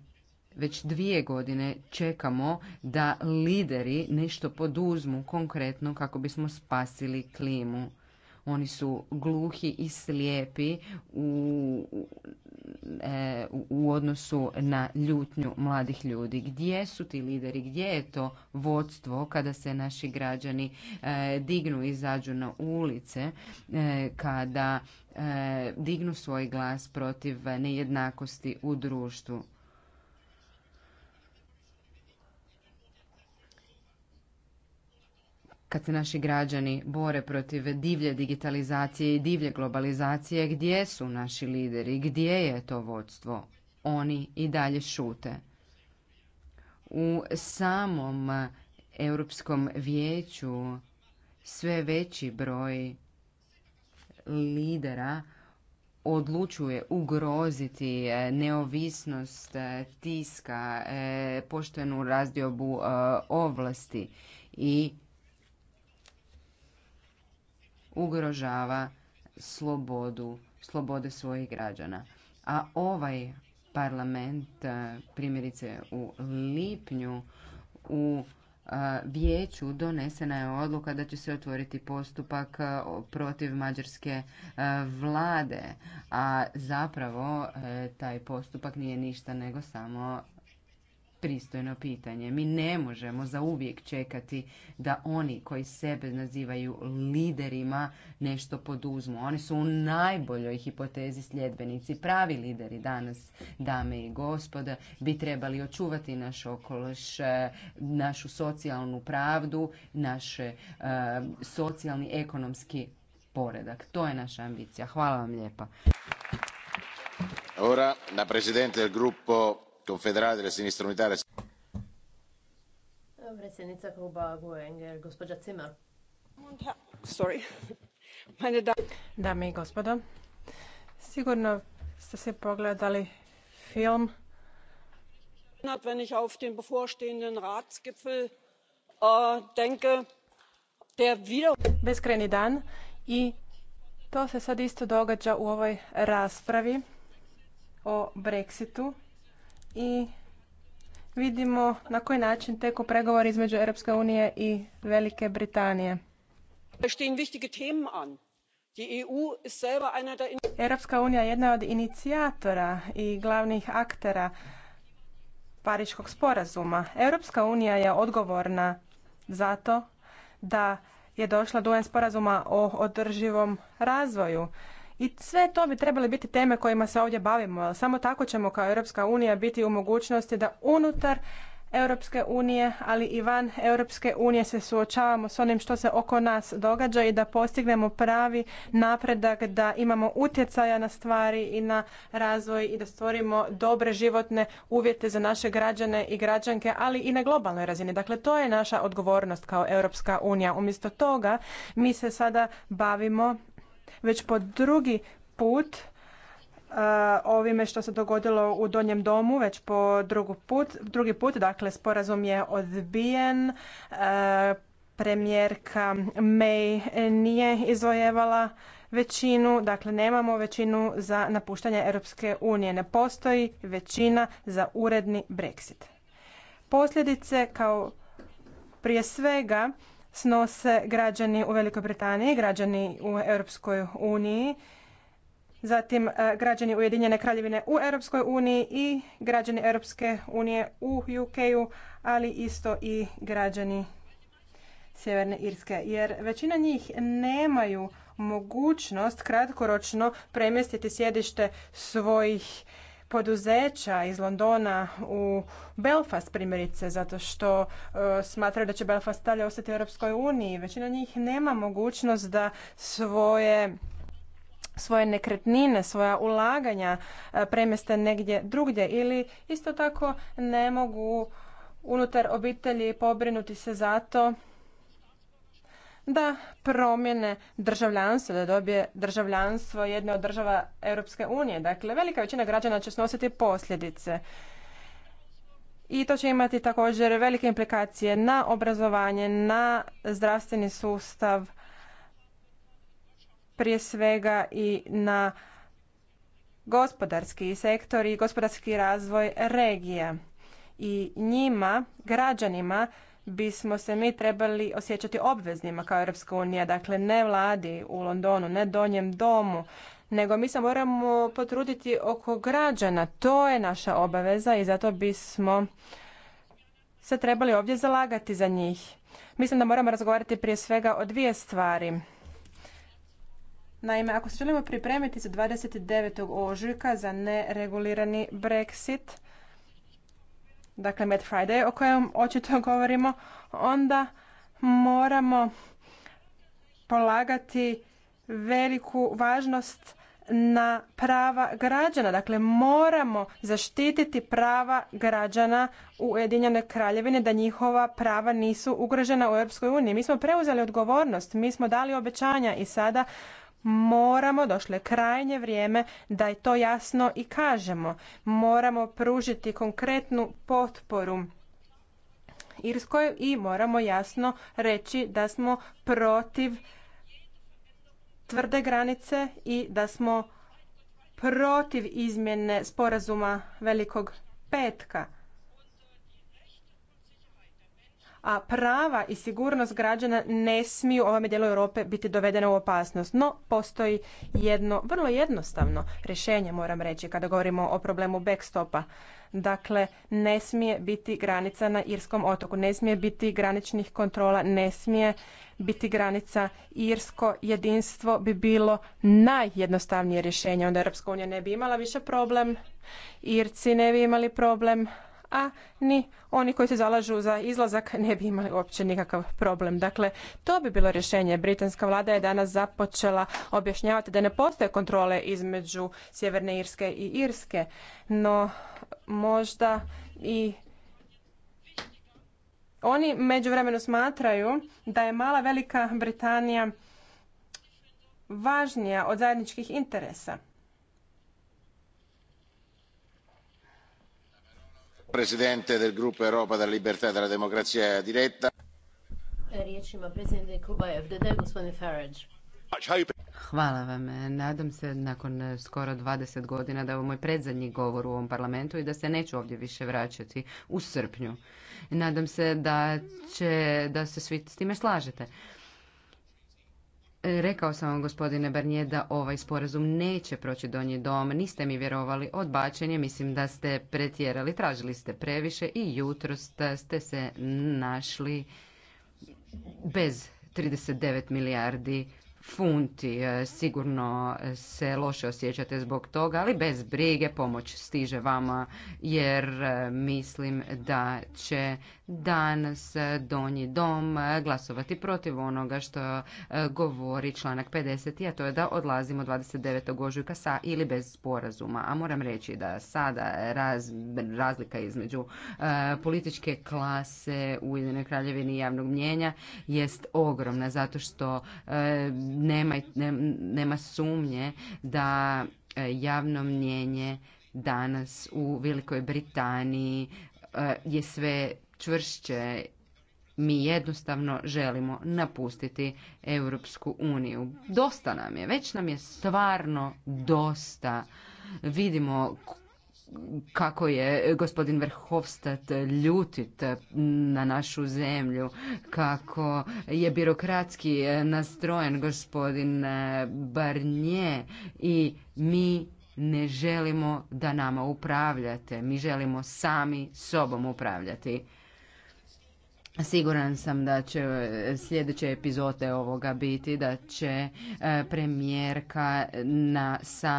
već dvije godine čekamo da lideri nešto poduzmu konkretno kako bismo spasili klimu. Oni su gluhi i slijepi u, e, u odnosu na ljutnju mladih ljudi. Gdje su ti lideri? Gdje je to vodstvo kada se naši građani e, dignu i izađu na ulice, e, kada dignu svoj glas protiv nejednakosti u društvu? kad se naši građani bore protiv divlje digitalizacije i divlje globalizacije, gdje su naši lideri, gdje je to vodstvo? Oni i dalje šute. U samom Europskom vijeću sve veći broj lidera odlučuje ugroziti e, neovisnost e, tiska, e, poštenu razdiobu ovlasti i ugrožava slobodu, slobode svojih građana. A ovaj parlament, e, primjerice u lipnju, u e, vijeću donesena je odluka da će se otvoriti postupak e, protiv mađarske vlade, a zapravo taj postupak nije ništa nego samo pristojno pitanje. Mi ne možemo zauvijek čekati da oni koji sebe nazivaju liderima nešto poduzmu. Oni su u najboljoj hipotezi sljedbenici. Pravi lideri danas, dame i gospoda, bi trebali očuvati naš okoliš, eh, našu socijalnu pravdu, naš eh, socijalni ekonomski poredak. To je naša ambicija. Hvala vam lijepa. Ora, Confederale della Sinistra Unitaria. Predsjednica Kuba Guenger, gospođa Cimer. Sorry. Dame i gospodo, sigurno ste se pogledali film wenn ich auf den bevorstehenden ratsgipfel äh, denke der wieder beskrajni dan i to se sad isto događa u ovoj raspravi o brexitu i vidimo na koji način teku pregovori između Europske unije i Velike Britanije. E Europska unija je jedna od inicijatora i glavnih aktera Pariškog sporazuma. Europska unija je odgovorna zato da je došla do sporazuma o održivom razvoju. I sve to bi trebale biti teme kojima se ovdje bavimo. Samo tako ćemo kao Europska unija biti u mogućnosti da unutar Europske unije, ali i van Europske unije se suočavamo s onim što se oko nas događa i da postignemo pravi napredak, da imamo utjecaja na stvari i na razvoj i da stvorimo dobre životne uvjete za naše građane i građanke, ali i na globalnoj razini. Dakle, to je naša odgovornost kao Europska unija. Umjesto toga mi se sada bavimo već po drugi put e, ovime što se dogodilo u Donjem domu već po drugi put, drugi put dakle sporazum je odbijen e, premijerka May nije izvojevala većinu, dakle nemamo većinu za napuštanje Europske unije. Ne postoji većina za uredni Brexit. Posljedice kao prije svega snose građani u Velikoj Britaniji, građani u Europskoj uniji, zatim e, građani Ujedinjene kraljevine u Europskoj uniji i građani Europske unije u UK-u, ali isto i građani Sjeverne Irske, jer većina njih nemaju mogućnost kratkoročno premjestiti sjedište svojih poduzeća iz Londona u Belfast primjerice zato što e, smatraju da će Belfast dalje ostati u Europskoj uniji. Većina njih nema mogućnost da svoje svoje nekretnine, svoja ulaganja e, premjeste negdje drugdje ili isto tako ne mogu unutar obitelji pobrinuti se zato da promjene državljanstvo, da dobije državljanstvo jedne od država Europske unije. Dakle, velika većina građana će snositi posljedice. I to će imati također velike implikacije na obrazovanje, na zdravstveni sustav, prije svega i na gospodarski sektor i gospodarski razvoj regija. I njima, građanima, bismo se mi trebali osjećati obveznima kao Europska unija, dakle ne vladi u Londonu, ne donjem domu, nego mi se moramo potruditi oko građana. To je naša obaveza i zato bismo se trebali ovdje zalagati za njih. Mislim da moramo razgovarati prije svega o dvije stvari. Naime, ako se želimo pripremiti za 29. ožujka za neregulirani Brexit, dakle Mad Friday o kojem očito govorimo, onda moramo polagati veliku važnost na prava građana. Dakle, moramo zaštititi prava građana u Ujedinjenoj kraljevini da njihova prava nisu ugrožena u Europskoj uniji. Mi smo preuzeli odgovornost, mi smo dali obećanja i sada moramo, došlo je krajnje vrijeme da je to jasno i kažemo. Moramo pružiti konkretnu potporu Irskoj i moramo jasno reći da smo protiv tvrde granice i da smo protiv izmjene sporazuma Velikog petka a prava i sigurnost građana ne smiju ovome dijelu Europe biti dovedena u opasnost. No, postoji jedno vrlo jednostavno rješenje, moram reći, kada govorimo o problemu backstopa. Dakle, ne smije biti granica na Irskom otoku, ne smije biti graničnih kontrola, ne smije biti granica Irsko jedinstvo bi bilo najjednostavnije rješenje. Onda Europska unija ne bi imala više problem, Irci ne bi imali problem, a ni oni koji se zalažu za izlazak ne bi imali uopće nikakav problem. Dakle, to bi bilo rješenje. Britanska vlada je danas započela objašnjavati da ne postoje kontrole između Sjeverne Irske i Irske, no možda i oni vremenu smatraju da je mala Velika Britanija važnija od zajedničkih interesa. presidente del gruppo Europa della Libertà e della Democrazia diretta. Hvala vam. Nadam se nakon eh, skoro dvadeset godina da je ovo moj predzadnji govor u ovom parlamentu i da se neću ovdje više vraćati u srpnju. Nadam se da, će, da se svi s time slažete. Rekao sam vam, gospodine Barnije, da ovaj sporazum neće proći donji dom. Niste mi vjerovali odbačenje, mislim da ste pretjerali, tražili ste previše i jutro ste se našli bez 39 milijardi funti. E, sigurno se loše osjećate zbog toga, ali bez brige pomoć stiže vama jer e, mislim da će danas donji dom glasovati protiv onoga što e, govori članak 50. a to je da odlazimo 29. ožujka sa ili bez sporazuma. A moram reći da sada razlika između uh, političke klase u Ujedinjenoj kraljevini javnog mnjenja jest ogromna zato što nema, nema sumnje da e, javno mnjenje danas u Velikoj Britaniji e, je sve čvršće mi jednostavno želimo napustiti Europsku uniju. Dosta nam je, već nam je stvarno dosta. Vidimo kako je gospodin Verhofstadt ljutit na našu zemlju, kako je birokratski nastrojen gospodin Barnje i mi ne želimo da nama upravljate, mi želimo sami sobom upravljati. Siguran sam da će sljedeće epizode ovoga biti da će e, premijerka na sam